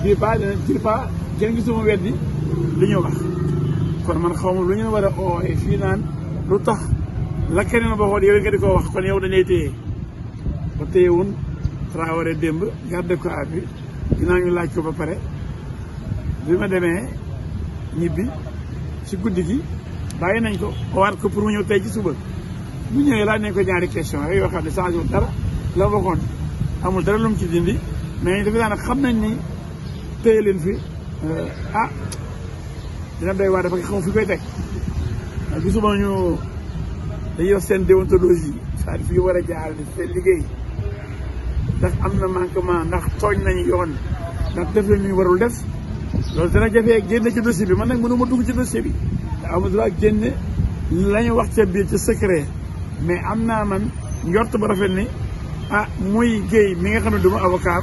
bii ba dana cirpa kenn li ñu wax kon man lu ñu war a naan lu tax la keneen waxoon yow nga di ko wax yow dañuy téye ba téye woon Traoré démb garde ko abi laaj ko ba pare bi ma demee ñibbi guddi gi bàyyi nañ ko waat ko pour mu ñëw tey ci suba bu question rek yoo xam ne changé dara la waxoon amul dara lu ci dindi mais dafa daanaka xam nañ ni téye leen fi euh, ah dina doy waar dafa xam fi koy teg ah, gisuma ñu dañuy wax seen déontologie c'est-à-dire fi war a jaar seen liggéey ndax am na manquement ndax tooñ nañu yoon ndax def la ñuy warul def loolu dana jafee génne ci dossier bi man nag mënuma dugg ci dossier bi da ama droit la ñu wax ca biir mais am naa man njort ba rafet ni ah muy géey mi nga xam ne du ma avocat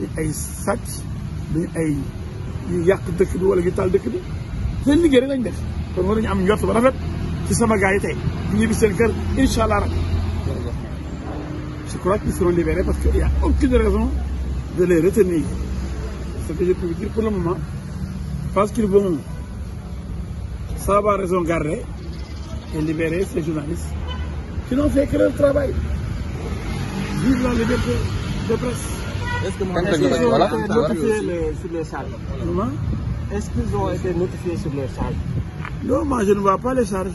di ay sàcc duñu ay ñu yàq dëkk bi wala ñu taal dëkk bi seen liggéey rek lañ def kon war nañu am njort ba rafet ci sama gars yi tey ñu ñibbi seen kër incha allah rabbi je crois qu'ils seront libérés parce que il a aucune raison de les retenir ce que je peux vous dire pour le moment parce qu'ils vont savoir raison garder et libérer ces journalistes qui n'ont fait que leur travail. Vive la liberté de presse. Voilà. Notifié que sur les charges. Comment Est-ce qu'ils ont été notifiés sur les charges Non, moi je ne vois pas les charges.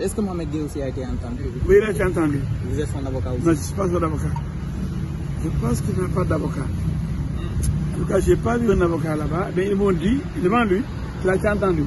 Est-ce que Mohamed Gueye aussi a été entendu Oui, il a été entendu. Vous êtes son avocat aussi Non, je ne suis pas son avocat. Je pense qu'il n'a pas d'avocat. En tout cas, je n'ai pas vu un avocat là-bas, mais ils m'ont dit, devant lui, qu'il a été entendu.